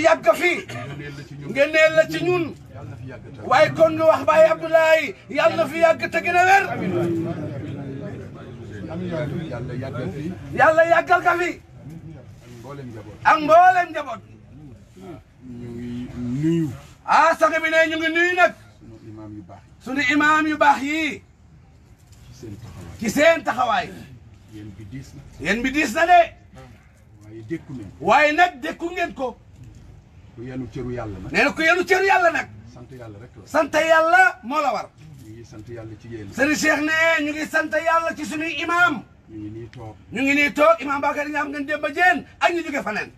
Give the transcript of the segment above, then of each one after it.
yàgg fi ngeneel la ci ñun waaye kon wax Baye Abdoulaye yàlla fi yàgg te gën a wér yàlla fi ak mboolem njaboot ah, ñu ngi nuyu ah sang sunu imaam yu baax yi ci seen taxawaay yéen bi diis na de waaye nag dékku ngeen ko ku yenu cëru yàlla nag. nee na ku yenu cëru yàlla nag. sant yàlla rek la. sant yàlla moo la war. ñu ngi sant yàlla ci yéen. Serigne Cheikh ne ñu ngi sant yàlla ci suñuy imaam. ñu ngi nii toog ñu ngi nii toog imaam Bakary nga xam ngeen démb jeen ak ñu jóge faneen.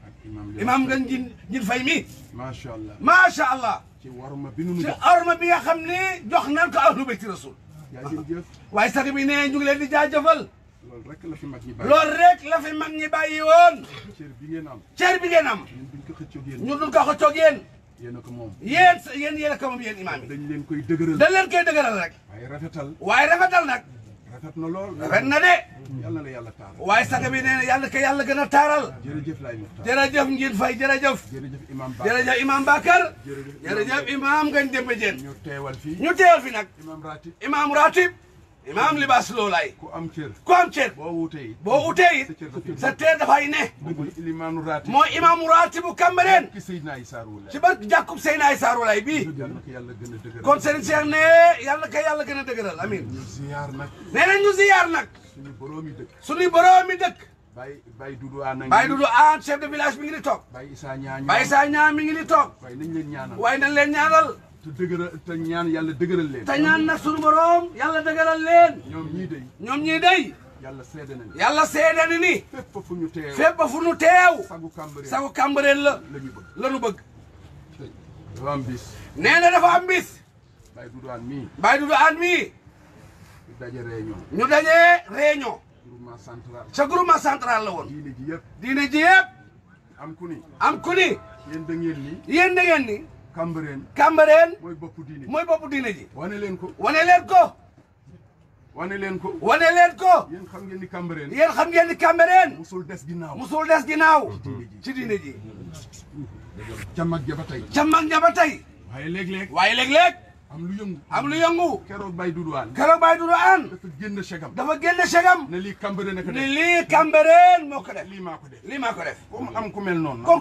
imaam ngeen jin jin fay mi. macha allah macha allah. ci warma bi nu nu jox ci warma bi nga xam ni jox nan ko ahlu bayti rasul. jaajëf waaye sax bi ne ñu ngi leen di jaajëfal. loolu rek la fi mag ñi bàyyi loolu rek la fi mag bi ngeen am. cër bi ngeen am. ñun duñ ko xëccoog yéen. ñun duñ ko xëccoog yéen. yéen a ko moom. yéen sa yéen a ko leen koy dëgëral. dañ leen koy dëgëral rek. waaye rafetal. waaye rafetal nag. rafet na lool. na de. yàlla na yàlla taaral. waaye saga bi yàlla ko yàlla gën a taaral. jërëjëf laay Muxtaar. jërëjëf Ngin Fay jërëjëf. jërëjëf Imaam Bakar jërëjëf Imaam Bakar. jërëjëf Imaam Ngagne Demba Diène. ñu teewal fii ñu teewal fii nag. Imaam Ratib Imaam Ratib. imaam libaas loolaay. ku am cër ku am cër. boo wutee it boo wutee sa teer dafay ne. mooy imaamu raati. mooy imaamu raati bu Cambérène. ci barke jàkkub Seydina Issa Rouhou Laye bii. kon Serigne Cheikh ne yàlla ka yàlla gën a dëgëral na ñu ziyaar nag. su boroomi dëkk. suñu boroomi dëkk. Baye Baye Doudou Aan Baye Doudou Aan chef de village mi ngi di toog. Baye Issa Niang mi ngi di leen ñaanal waaye te dëgëral te ñaan yàlla dëgëral leen. te ñaan nag sunu borom yàlla dëgëral leen. ñoom ñii day. ñoom ñii day. yàlla seede ni. yàlla seede na ni. fépp fu ñu teew fépp fu ñu teew. sagu kàmbareen sagu kàmbareen la. la ñu bëgg la ñu bëgg. dafa bis. nee na dafa am bis. Baye Doudou Anne mii. Baye Doudou Anne ñu daje réunion. ñu daje réunion. groupement central. sa groupement central la woon. diine ji yëpp. diine ji yëpp. am ku ni. am ku ni. yéen da ni. yéen da ni. Cambérène Cambérène mooy boppu diine mooy boppu diine ji wane leen ko wane leen ko wane leen ko wane leen ko yéen xam ngeen ni Cambérène yéen xam ngeen ni Cambérène musul des ginnaaw musul des ginnaaw ci diine ji ca mag ja ba tey ca mag ja ba tey waaye léeg-léeg waaye léeg-léeg am lu yëngu am lu yëngu. keroog Baye Doudou Anne. keroog Baye Doudou Anne. dafa génn chegam. lii Cambérène ne ko def ne lii Cambérène moo ko ko def lii maa ko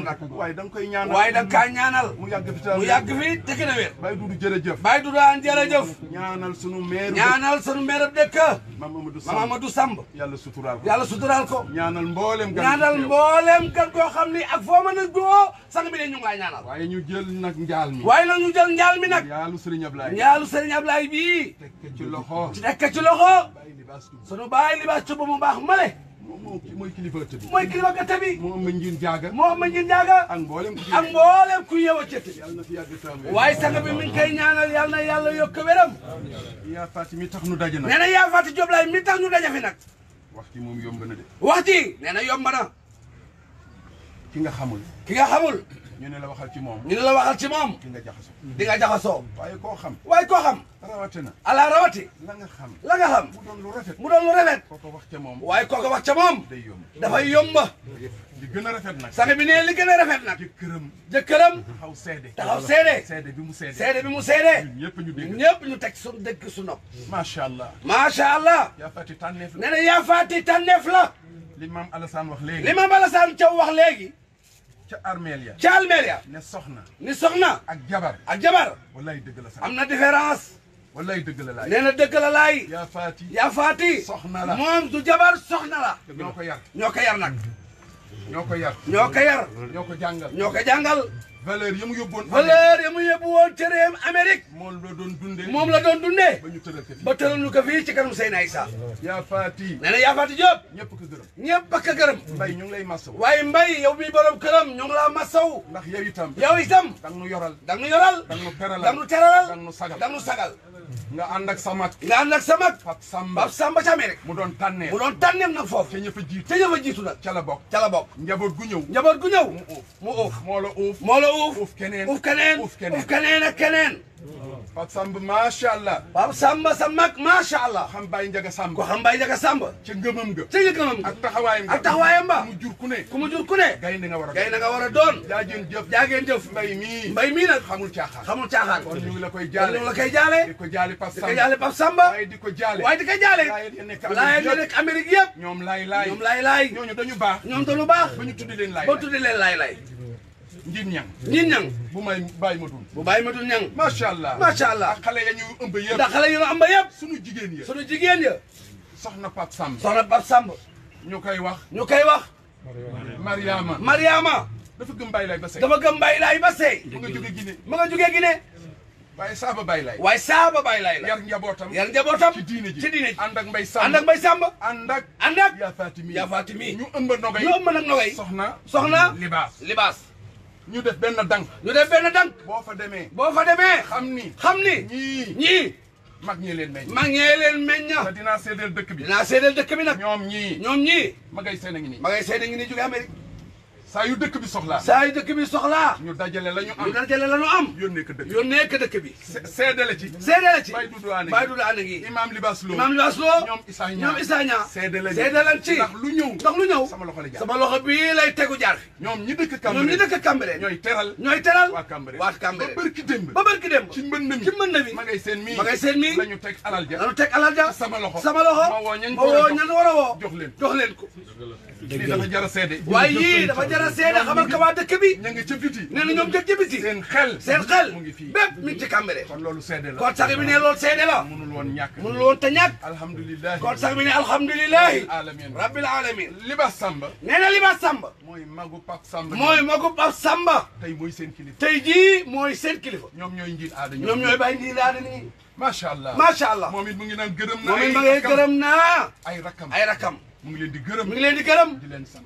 nga koy ñaanal waaye da nga kaa ñaanal. mu yàgg fi te mu yàgg fi te gën a wér. Baye Doudou jërëjëf. Baye Doudou Anne jërëjëf. ñaanal sunu maire. ñaanal sunu maire dëkk. Mame Amadou Samb yàlla suturaal ko yàlla suturaal ko. ñaanal mboolem gan. ñaanal ni ak foo mën a doo sang bi ne ñu ngi laa ñaanal. waaye ñu jël nag njaal mi waaye nag ñu jël njaal mi nag njaalu Serigne Ablaye njaalu Serigne Ablaye bii. tekk ci loxo tekk ci loxo. sunu baay libaas tuba mu baax male. mooy kilifa ëtt bi mooy kilifa ëtt bi. moo ma njiin jaaga moo ma njiin jaaga. ak mboolem ku ak mboolem ku yeewa cëtt. yàlla na fi yàgg waaye sang bi mi ngi koy ñaanal yàlla na yàlla yokk wéram. yaa mi tax nu daje nag. nee na Joblaay mi tax nu daje fi nag. waxti moom yomb na de. waxti nee na yomb na. ki nga xamul. ki nga xamul. ñu ne la waxal ci moom. ñu ne la waxal ci moom. di nga jaxasoo. di nga jaxasoo. waaye koo xam. waaye koo xam. rawatina. ala rawati. la nga xam. la nga xam. mu doon lu rafet. mu doon lu rafet. kooko wax ca moom. waaye kooko wax ca moom. day yomb dafay yomb. li gën a rafet nag. sax bi nee li gën a rafet nag. jëkkëram. jëkkëram. taxaw seede. taxaw seede. seede bi mu seede. seede bi mu seede. ñun ñu dégg ñëpp ñu teg suñu dëkk su nopp. macha allah. macha allah. yaa faati tànneef la. nee na yaa faati tànneef la. li maam Alassane wax léegi. li maam ca Thiaw wax léegi ca armeel ya ca armeel ya ne soxna ne soxna ak jabar ak jabar wallaay dëgg la sax am na différence wallaay dëgg la laay nee na dëgg la laay yaa faati yaa faati soxna la moom du jabar soxna la ñoo ko yar ñoo ko yar nag ñoo ko yar ñoo ko yar ñoo ko jàngal jàngal valeur ya mu yóbbuwoon. valeur ya mu yóbbuwoon cëreem Amérique. moom la doon dundee moom la doon dundee. ba ñu tëral ko fii ñu ko fii ci kanam Seyna sa yaa Faati. nee na yaa Faati Diop. ñëpp ko gërëm. ñëpp ak a gërëm. mbay ñu ngi lay masaw. waaye mbay yow mi borom këram ñu ngi laa masaw. ndax yow itam. yow itam. da nga nu yoral da nu yoral. da nga nu peralal da nga nu teralal da nga nu sagal da nu sagal. nga ànd ak samak nga ànd ak samak Pape Samba Pape Samba ca amee rek mu doon tànneef mu doon tànneef nag foofu ca ñëfa jiitu ca ñëfa jiitu nag ca la bokk ca la bokk njaboot gu ñëw njaboot gu ñëw mu uuf mu uuf moo la uuf moo la uuf uuf keneen uuf keneen uuf keneen uuf keneen ak keneen Pape Samba macha allah Pape Samba sa mag macha allah xam Baye Ndiaga Samba ko xam Baye Ndiaga Samba ca ngëmam nga ca ngëmam nga ak taxawaayam ak taxawaayam ba ku mu jur ku ne ku mu jur ku ne gay na nga war a gay na nga war a doon jaageen jëf jaageen jëf mbay mii mbay mii nag xamul caaxaan xamul caaxaan kon ñu ngi la koy jaale ñu ngi la koy jaale di ko jaale di ko jaale Pape Samba waaye di ko jaale waaye di ko jaale laay ya nekk Amérique yëpp ñoom laay laay ñoom laay laay ñooñu dañu baax ñoom dañu baax ba ñu tuddi leen laay ba tuddi leen laay laay njin ñang njin ñang bu may bàyyi matul bu bàyyi matul ñang macha allah macha allah ak xale ya ñu ëmb yëpp ndax xale yu ñu ëmb yëpp suñu jigéen ya suñu jigéen ya soxna Pape Samba soxna Pape Samba ñu koy wax ñu koy wax Mariama Mariama dafa gëm bàyyi laay ba sey dafa gëm bàyyi laay ba sey ma nga jógee Guinée ma nga jógee Guinée waaye saaba bay lay waaye saaba bay lay la yar njabootam yar njabootam ci diine ji ci diine ji ànd ak mbay sàmb ànd ak mbay sàmb ànd ak ànd ak yaa faatimi yaa faatimi ñu ëmb nogay ñu ëmb nag nogay soxna soxna libaas libaas ñu def benn dank ñu def benn dank boo fa demee boo fa demee xam ni xam ni ñii ñii mag ñee leen meññ mag ñee leen meñña te dinaa seedeel dëkk bi dinaa seedeel dëkk bi nag ñoom ñii ñoom ñii magay seen a nii magay seen a saa yu dëkk bi soxlaa saa yu dëkk bi soxlaa ñu dajale la ñu am ñu dajale la ñu am yónnee ko dëkk yónnee ko dëkk bi seedale ci seedale ci Baye Doudou Ané Baye Doudou Ané ngi Imam Libaas Lo Imam Libaas Lo ñoom Issa Niang ñoom Issa Niang seedale seedale ci ndax lu ñëw ndax lu ñëw sama loxo la jaar sama loxo bii lay tegu jaar fi ñoom ñi dëkk Cambérène ñoom ñi dëkk Cambérène ñooy teral ñooy teral waa Cambérène waa Cambérène ba barki démb ba barki démb ci mbënd mi ci mbënd mi ma ngay seen mii ma ngay seen mii lañu teg alal ja lañu teg alal ja sama loxo sama loxo ma woo ñan war a woo jox leen jox leen ko lii dafa jar a seede waaye yii dafa dara seede xamal ko waa dëkk bi ña nga ca biti nee na ñoom jëg ca biti seen xel seen xel mu ngi fii bépp mi ngi ci kàmbere kon loolu seede la kon sax bi ne loolu seede la mënul woon ñàkk mënul woon te ñàkk alhamdulilah kon sax bi ne alhamdulilahi alamin rabbil alamin liba samba nee na liba samba mooy magu pap samba mooy magu pap samba tey mooy seen kilifa tey jii mooy seen kilifa ñoom ñooy njiit aada ñoom ñooy bàyyi njiit aada nii macha allah macha allah moom it mu ngi naan gërëm naa moom it ma ngay gërëm naa ay rakam ay rakam mu ngi leen di gërëm mu ngi leen di gërëm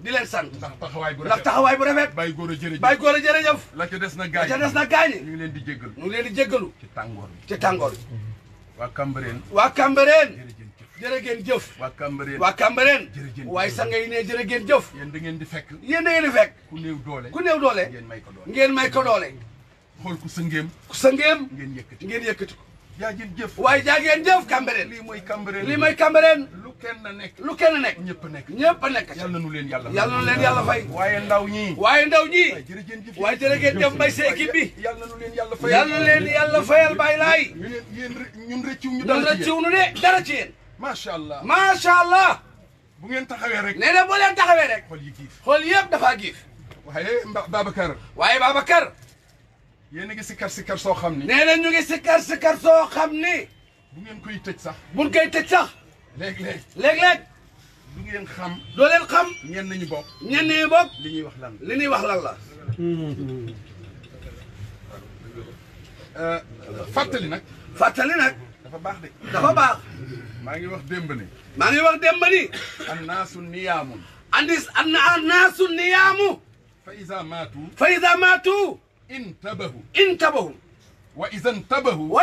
di leen sant di bu rafet ndax taxawaay bu rafet a jërëjëf a la ca na gaañ la leen di jéggalu ñu ngi leen di jéggalu ci tàngoor bi ci tàngoor bi waa Cambérène waa Cambérène jërëgeen wa waa Cambérène waa Cambérène jërëgeen waaye sa ngay ne jërëgeen jëf yéen da ngeen di fekk yéen da di fekk ku néew doole ku néew doole ngeen may ko doole ngeen may ko doole xool ku sëngeem ku sëngeem gen yëkkati gen yëkkati ko jaageen jëf waaye jaageen jëf Cambérène lii mooy Cambérène lii mooy kenn nekk lu kenn nekk ñëpp nekk ñëpp nekk yàlla nu leen yàlla yàlla nu leen yàlla fay waaye ndaw ñi waaye ndaw ñi fay allah macha allah bu ngeen taxawee rek nee na bu leen taxawee rek xool yi giif xool yëpp dafaa giif waaye Babacar waaye Babacar yéen a ngi sikkar sikkar soo xam ni nee na ñu ngi sikkar koy tëj sax buñ koy tëj sax léeg-léeg léeg-léeg du ngeen xam doo leen xam ñenn ñu bokk ñenn ñu bokk li ñuy wax lan li ñuy wax lan la fàttali nag fàttali nag dafa baax de dafa baax maa ngi wax démb ni maa ngi wax démb ni an naasu niyaamun andis an an naasu niyaamu fa iza maatu fa iza maatu intabahu intabahu wa iza intabahu wa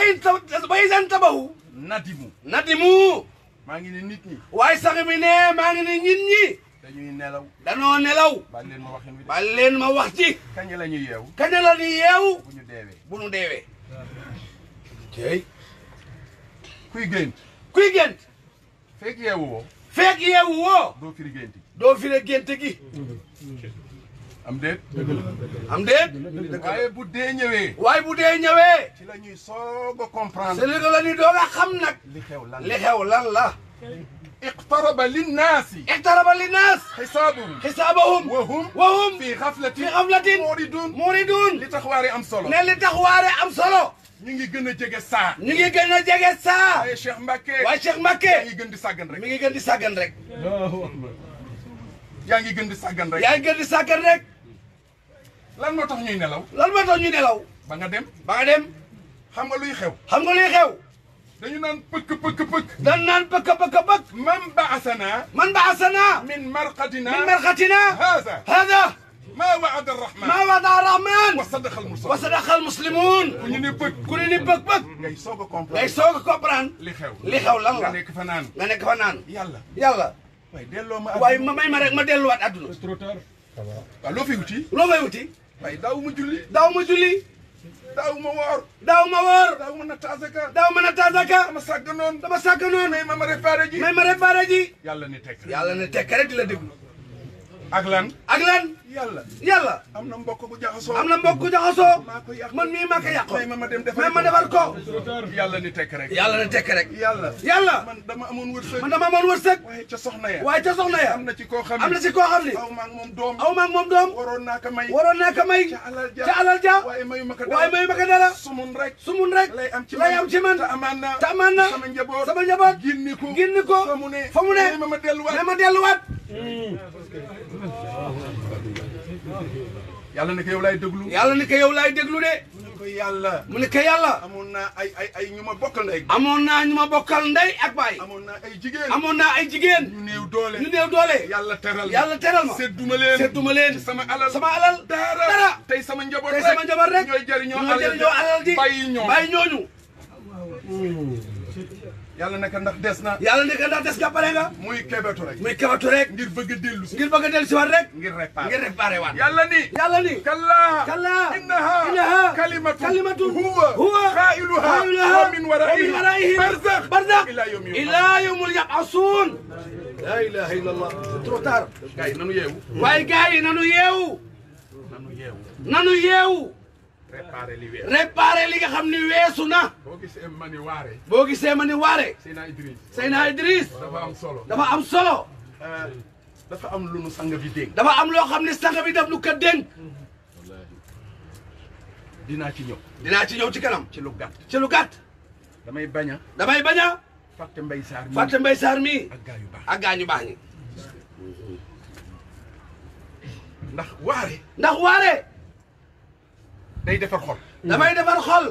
iza intabahu nadimu nadimu maa ngi ne nit ñi. waaye sax mi ne maa ngi ne nit ñi. dañuy nelaw. danoo nelaw. baal leen ma wax wi baal leen ma wax ci. kañ la ñuy yeewu. ka la ñuy yeewu. bu ñu deewee bu ñu deewee. tey. kuy gént. kuy gént. fekk yeewu woo. fekk yeewu woo. doo firi gént doo firi gént gi. am déet. am déet. waaye bu dee ñëwee. waaye bu dee ñëwee. ci la ñuy soog a comprendre. c'est la ñuy doog a xam nag. li xew lan la li xew lan la. iqtaraba linnaasi. iqtaraba linnaas. xisaabuhum. xisaabuhum. wahum. wahum. fii xaflatin. fii xaflatin. muuriduun. muuriduun. li tax waare am solo. ne li tax waare am solo. ñu ngi gën a jege saa. ñu ngi gën a jege saa. waaye Cheikh Mbacke. waaye Cheikh Mbacke. mi ngi gën di sàggan rek. mi ngi gën di sàggan rek. yaa ngi gën di sàggan rek yaa ngi gën di sàggan rek lan moo tax ñuy nelaw lan moo tax ñuy nelaw ba nga dem ba nga dem xam nga luy xew xam nga luy xew dañu naan pëkk pëkk pëkk dañu naan pëkk pëkk pëkk man baasana man baasana min marqatina min marqatina hada hada ما وعد الرحمن ما وعد الرحمن وصدق المرسلون وصدق المسلمون كوني نبك كوني نبك بك ngay soog a comprendre ngay soog a comprendre li xew li xew lan la nga nekk fanaan nga nekk fanaan yàlla yàlla waaye delloo ma waaye ma may ma rek ma delluwaat àdduna. trop tard. waaw loo fay wuti. loo fay wuti. waaye daw ma julli. daw ma julli. daaw ma woor. daaw ma woor. daaw ma natt asaka. daaw ma natt asaka. dama sàgg noonu. dama sàgg noonu. may ma ma réparé ji. may ma réparé ji. yàlla ne tekk rek yàlla ne tekk rek di la déglu. ak lan ak lan yàlla yàlla am na mbokk bu jaxasoo am na mbokk bu jaxasoo maa ko yàq man mii maa ko yàq may ma ma dem defar ma defar ko yàlla ni tekk rek yàlla ni tekk rek yàlla yàlla man dama amoon wërsëg man dama amoon wërsëg waaye ca soxna ya waaye ca soxna am na ci koo xam ne am na ci koo xam aw maag moom doom waroon naa ko may waroon naa ko may ca alal ja waaye mayu ma ko dara ma ko dara sumun rek rek lay am ci lay am ci man te amaan na te amaan na sama njaboot sama njaboot ginni ko ginni ko fa mu ne fa mu ne ma delluwaat ma mm. yàlla ne ko yow laay déglu. yàlla ne ko yow laay déglu de. mu ne ko yàlla. mu ne yàlla. amoon naa ay ay ay ñu ma bokkal ndey. amoon naa ñu ma bokkal ndey ak baay. amoon na ay jigéen. amoon naa ay jigéen. ñu doole nu néew doole. yàlla teral ma yàlla teral ma. sedduma leen sedduma leen. sama alal sama alal. dara tey sama njaboot rek tey sama njaboot rek. ñooy jëriñoo alal ji ñooy jëriñoo alal ñooñu. Hmm. yàlla nekk ndax des na yàlla nekk ndax des nga pare nga muy kebetu rek muy kebetu rek ngir bëgg a dellu si ngir bëgg a dellu si waat rek ngir réparé ngir réparé waat yàlla ni yàlla ni kallaa kallaa innaha innaha kalimatu kalimatu huwa huwa qailuha wa min waraihi waraihi barzakh barzakh ila yawmi ila yawmil yab'asun la ilaha illa allah trop tard gars yi nanu yeewu waaye gars yi nanu yeewu nanu yeewu nanu yeewu réparé li weesu. réparé li nga xam ni weesu na. boo gisee ma ni waare. boo gisee ma ni waare. Seyna Idriss. Seyna Idriss. dafa am solo dafa am solo. Euh, dafa am lu nu sang bi dénk. dafa am loo xam ne sang bi daf lu ko dénk. dinaa ci ñëw. dinaa ci ñëw ci kanam. ci lu gàtt ci lu gàtt. damay baña damay baña fàtte mbay saar mi fàtte mbay saar mi. ak gaa ndax waare. ndax waare. day defar xol. damay defar xol.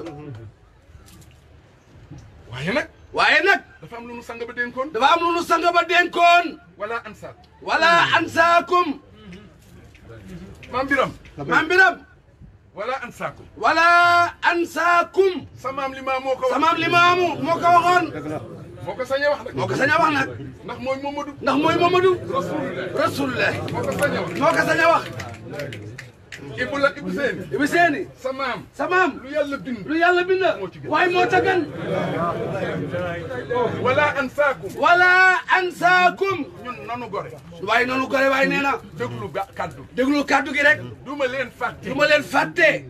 waaye nag. waaye nag. dafa am lu nu sang ba dénkoon. dafa am lu nu sang ba dénkoon. wala ansa. wala ansaakum. maam Biram. maam Biram. wala ansaakum. wala ansaakum. samaam limaa moo ko waxoon samaam limaa moo ko waxoon. moo ko sañ a wax nag. moo ko sañ a wax nag. ndax mooy Momadou. ndax mooy Momadou. rasulullah rasulullah. moo ko sañ a wax moo ko sañ a wax. Ibou la Ibou Seyni. Ibou Seyni. sa maam sa maam. lu yàlla bind. lu yàlla bind. moo ci gën waaye moo ca oh, wala ansaakum. wala ansaakum. ñun nanu gore. waaye nanu gore waaye nee na. kàddu ba kaddu. gi rek. du ma leen fàtte. du ma leen fàtte.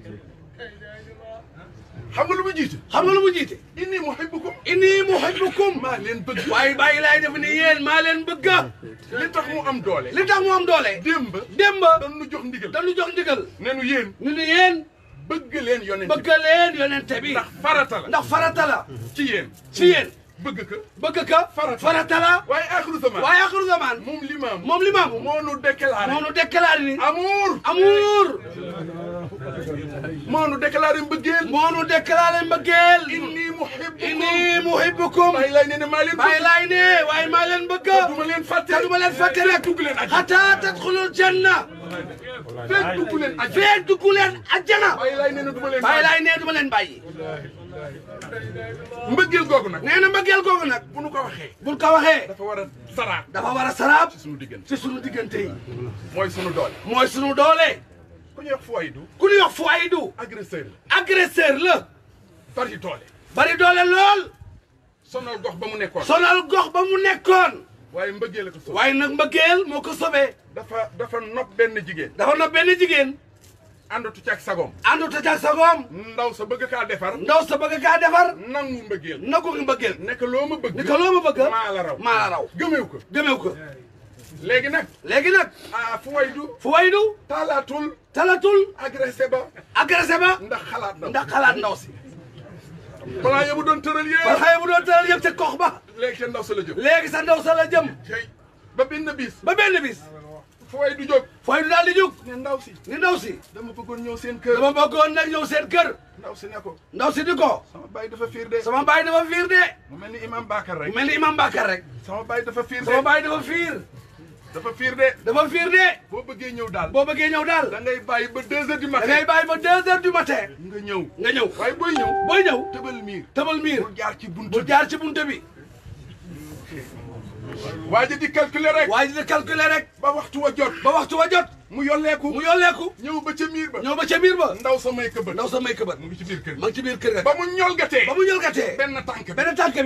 xam nga lu ma jiite xam nga lu ma jiite inni muhibbukum inni muhibbukum maa leen bëgg waaye bàyyi laay def ne yéen maa leen bëgg li tax mu am doole li tax mu am doole démb démb dañu jox ndigal dañu jox ndigal ne nu yéen ne nu yéen bëgg leen yonente bëgg leen yonente bi ndax farata la ndax farata la ci yéen ci yéen bëgg ka bëgg ka farata la waaye aaxiru zamaan waaye aaxiru zamaan moom limaam moom limaam moo nu déclaré moo nu déclaré ni amour amour moo nu déclaré mbëggeel moo nu déclaré mbëggeel inni muhibbukum inni muhibbukum waaye laay ne ne maa leen waaye laay ne waaye maa leen bëgg duma leen fàtte duma leen fàtte rek dugg leen ajjana xataa tadxulul janna feeg dugg leen ajjana feeg dugg leen ajjana waaye laay ne ne duma leen bàyyi waaye laay ne duma leen bàyyi mbëggeel googu nag nee na mbëggeel googu nag bu nu ko waxee buñ ko waxee dafa war a saraab dafa war a saraab ci sunu diggante ci diggante yi mooy sunu doole mooy sunu doole ku ñuy wax Fouaydou ku ñuy wax Fouaydou agresseur la agresseur la bari doole bari doole lool sonal gox ba mu nekkoon sonal gox ba mu nekkoon waaye mbëggeel la waaye nag mbëggeel moo ko sobee dafa dafa nopp benn jigéen dafa nopp benn jigéen àndatu ci ak sagoom àndatu ci ak sagoom ndaw sa bëgg kaa defar ndaw sa bëgg kaa defar nangu mbëggeel nangu mbëggeel nekk loo ma bëgg nekk loo ma bëgg maa la raw maa la raw gëmeew ko gëmeew ko léegi nag léegi nag ah fu way du fu way du talatul talatul agressé ba agressé ba ndax xalaat ndaw ndax xalaat ndaw si balaa yëbu doon tëral yëpp balaa yëbu doon tëral yëpp ca ba léegi sa ndaw sa la jëm léegi sa ndaw sa la jëm ba benn bis ba benn bis fooy du jóg fooy du daal di jóg ne ndaw si ndaw si dama bëggoon ñëw seen kër dama bëggoon nag ñëw seen kër ndaw si ne ko ndaw si di ko sama baay dafa fiir de sama baay dafa fiir de mu mel ni imam Bakar rek mel ni imam Bakar rek sama dafa fiir de sama baay dafa fiir dafa fiir boo bëggee ñëw daal boo bëggee ñëw daal da ngay bàyyi ba deux heures du matin da ngay bàyyi ba deux heures du nga ñëw nga ñëw waaye booy ñëw booy ñëw tëbal miir tëbal miir bu jaar ci buntu jaar ci buntu bi waa ji di calculer rek. waa ji di calculer rek. ba waxtu wa jot. ba waxtu wa jot. mu yolleeku mu yolleeku. ñëw ba ca ba. ñëw ba ca miir ba. ndaw sa may ndaw sa may këbët. mu ngi ci biir kër ma ngi biir kër ga. ba mu ñolgatee. ba mu ñolgatee. benn tànk bi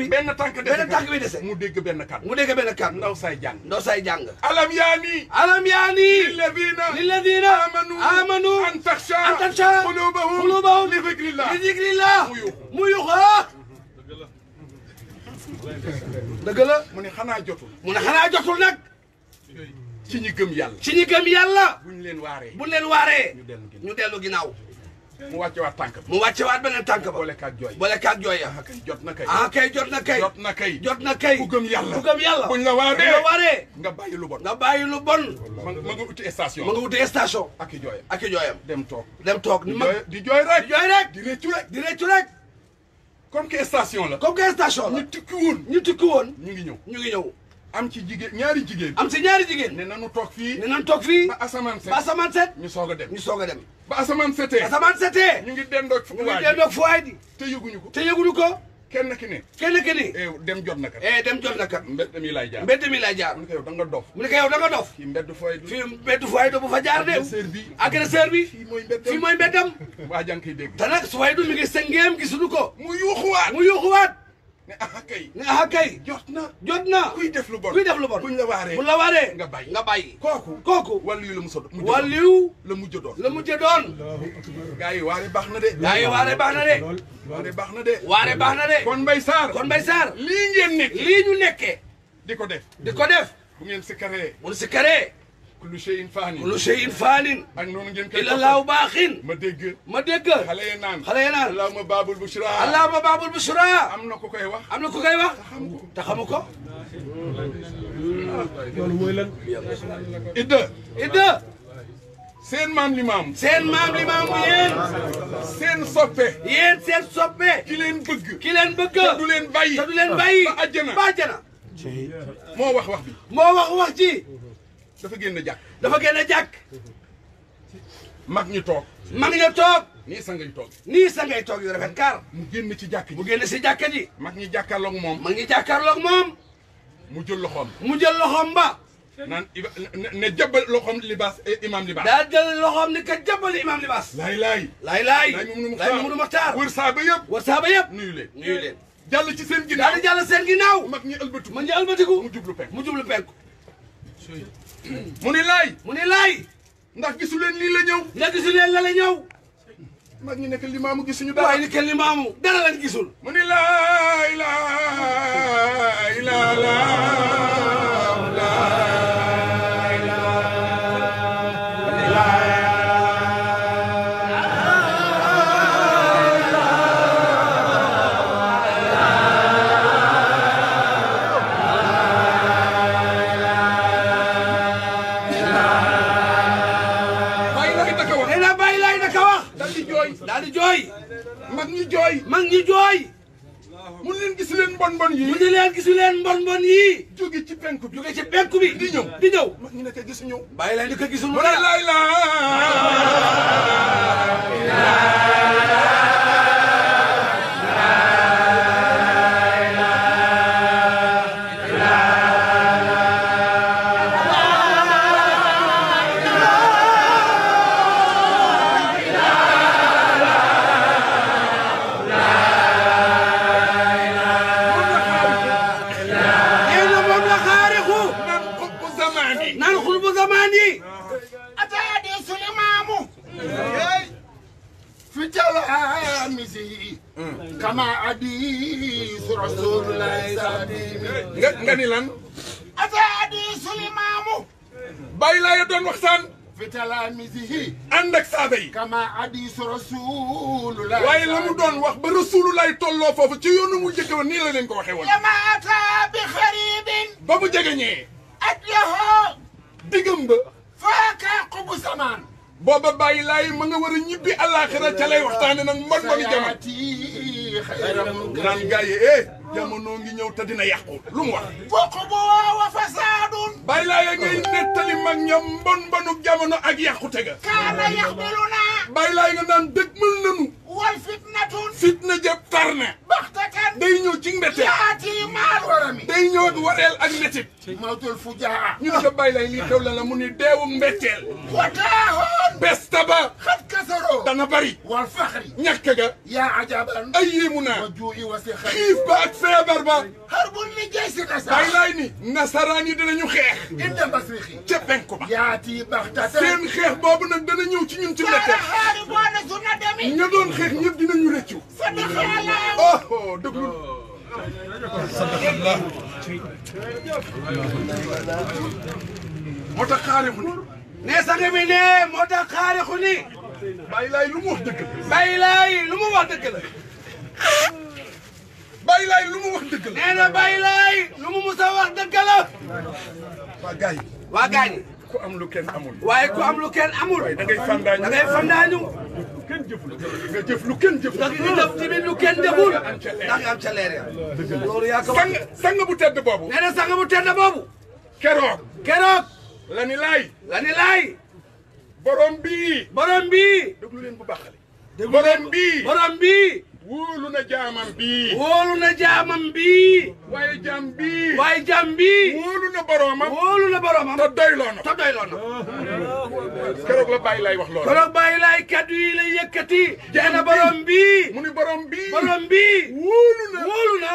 benn tànk bi. benn tànk dese benn tànk bi dese. mu dégg benn kàddu. mu dégg benn kàddu. ndaw jàng. ndaw say jàng. alam yaani. alam yaani. lilladina. lilladina. amanu. amanu. an taxsha. an taxsha. qulubahum. li zikrillah. li mu yuxu. mu dëgg la mu ne xanaa jotul. mu ne xanaa jotul nag. ci ñi gëm yàlla. ci ñi gëm yàlla. buñ leen waaree. buñ leen waaree. ñu dellu ginnaaw ñu dellu ginnaaw. mu wàccewaat tànk ba. mu wàccewaat beneen tànk ba. boolekaat jooy boolekaat jooy ah kay jot na kay. ah kay jot na kay. jot na kay jot na kay. ku gëm yàlla ku gëm yàlla. buñ la waaree buñ la waaree. nga bàyyi lu bon nga bàyyi lu bon. ma nga uti station. ma nga uti station. ak i jooyam ak i jooyam. dem toog dem toog. di jooy rek di jooy rek. di réccu rek di réccu rek. comme que station la. comme que station la ñu tukki woon. ñu tukki woon ñu ngi ñëw ñu ngi ñëw. am ci jigéen ñaari jigéen. am ci ñaari jigéen. ne nanu toog fii. ne nanu toog fii. ba asamaan set ba asamaan set. ñu soog a dem ñu soog a dem. ba asamaan setee. asamaan setee. ñu ngi dendoog fu waay ñu ngi dendoog fu waay di. te yëguñu ko te yëguñu ko. kenn ki kenn ki eh, dem jot na kat eh dem jot na kat mbedd mi laay jaar mbedd mi laay jaar mu ne ko yow da nga dof mu ne ko yow da dof fii mbedd fooy fii do bu fa jaar de agresseur bi agresseur bi fii mooy mbeddam fii mooy mbeddam waa jànk yi du mi ngi sëngeem gisuñu ko mu yuuxuwaat mu yuuxuwaat ne ah kay ne ah kay jot na jot na kuy def lu bon kuy def lu bon buñ la waaree buñ la waaree nga bàyyi nga bàyyi kooku kooku wàlliyu la mu sa doon wàlliyu la mujj doon la mujj doon gaa yi waare baax na de gaa yi waare baax na de waare baax na de waare baax na de kon bay Sarr kon Mbaye Sarr lii ngeen nekk lii ñu nekkee di ko def di ko def bu ngeen si karee bu ngeen si karee كل شيء فان كل شيء فان إلا الله باخ ما ديغ ما ديغ خلاي نان خلاي نان اللهم باب البشرى اللهم باب البشرى am na ku koy wax am na ku koy wax te xamu ko loolu mooy lan idda idda seen maam li maam seen maam li maam yéen seen soppe yéen seen soppe ki leen bëgg ki leen bëgg te du leen bàyyi te du leen bàyyi ba àjjana ba àjjana moo wax wax bi moo wax wax ji dafa génn jàkk dafa génn jàkk mag ñu toog mag ñu toog nii sa ngay toog nii sa ngay toog yu rafet kaar mu génn ci jàkk ji mu génn si jàkk ji mag ñi jàkkaarloog moom mag ñi jàkkaarloog moom mu jël loxoom mu jël loxoom ba naan ne jëbbal loxoom libaas eh, imam libaas daa jël loxoom ni ka jëbbal imam libaas laay laay laay laay laay moom nu laay moom nu maxtaar wër saa ba yëpp wër saa ba yëpp nuyu leen nuyu leen jàll ci seen ginnaaw daal di jàll seen ginnaaw mag ñi ëlbatiku mag ñi ëlbatiku mu jublu penku mu jublu penku mu ni laay mu ni laay ndax gisu leen lii la ñëw ndax gisu leen la la ñëw mag ñu nekk limaamu gisuñu dara waaye ni kenn limaamu dara lañ gisul mu ni laay laay laay laay mag ñi jooy mag ñi jooy mu leen gis leen mbon mbon yi mu ne leen gisu leen mbon mbon yi jóge ci penku bi jóge ci penku bi di ñëw di ñëw mag ñi ne ko gisuñu bàyyi leen di ko gisuñu mu ne laay laay في تلامسه كما حديث رسول الله صديق غني لان أتى حديث الإمام باي لا يدون وخسان في تلامسه عندك سابي كما حديث رسول الله واي لم دون وخ برسول الله تولو فوف تي يونو مو جيك ني لا لين كو وخي وون لما أتى بخريب بامو جيغني أتيه ديغم با فاكا قبو زمان booba bàyyi laay ma nga war a ñibbi àllaaxira ca lay waxtaane nag mbon mboni jamono naan eh, ñëw te dina yàqu lu mu wax bokk bu waaw a fasaadun bàyyi laay ngay nettali mag ñoom mbon mbonu jamono ak yàqu tega kaana yaxbilu naa bàyyi laay nga naan dëgmal nanu wal fitnatun fitna jëpp tar ne day ñëw ci mbetteel yaati maal warami day ñëw di wareel ak métit mawtul fujaa ñu ne ko bàyyi lay lii xew la la mu ni deewu mbetteel wataahoon besta ba xat kasaroo dana bari wal faxri ñàkk ga yaa ajaban ay yéemu naa wa juuyi wa si xiif ba ak feebar ba xarbul ni jay si nasara bàyyi lay ni nasaraan yi dinañu xeex inda masrixi ca penku ba yaati baxtata seen xeex boobu nag dana ñëw ci ñun ci mbetteel xaari boo na su na demi ña doon xeex ñëpp dinañu rëccu déglu moo tax xaarixu ni ne sang bi ne moo tax xaarixu ni bàyyi laay lu mu wax dëgg la bàyyi laay lu mu wax dëgg la bàyyi laay lu mu wax dëgg la nee na bàyyi laay lu mu mus a wax dëgg la waa gars yi waa gars yi ku am lu kenn amul waaye ku am lu kenn amul da ngay fandaañu da ngay fandaañu kenn jëful nga jëf lu kenn jëful. ndax ñu def tamit lu kenn deful. ndax am ca leer ya loolu yaa ko sang sang bu tedd boobu. nee na sang bu tedd boobu. keroog. keroog. la ni laay. la ni laay. borom bii. borom bii. déglu leen bu baaxale. borom bii. borom bii. wóolu na jaamam bii. wóolu na jaamam bii. waaye jaam bii. waaye jaam bii. wóolu na boromam. wóolu na boromam. te doyloo na. te doyloo na. keroog la bàyyi wax loolu. keroog bàyyi laay kaddu yi la yëkkati. na borom bii. mu ni borom bii. borom bii. wóolu na wóolu na.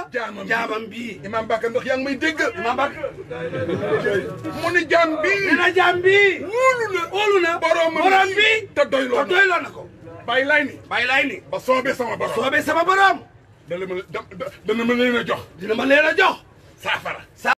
jaamam bii jaamam ndox yaa ngi may dégg. Imaam Bakka. mu na jaam wóolu na wóolu na. boromam bàyyi laay ni bàyyi laay ni ba soobee sama borom ba soobee sama borom dana ma dana ma leen a jox dina ma leen a jox saafara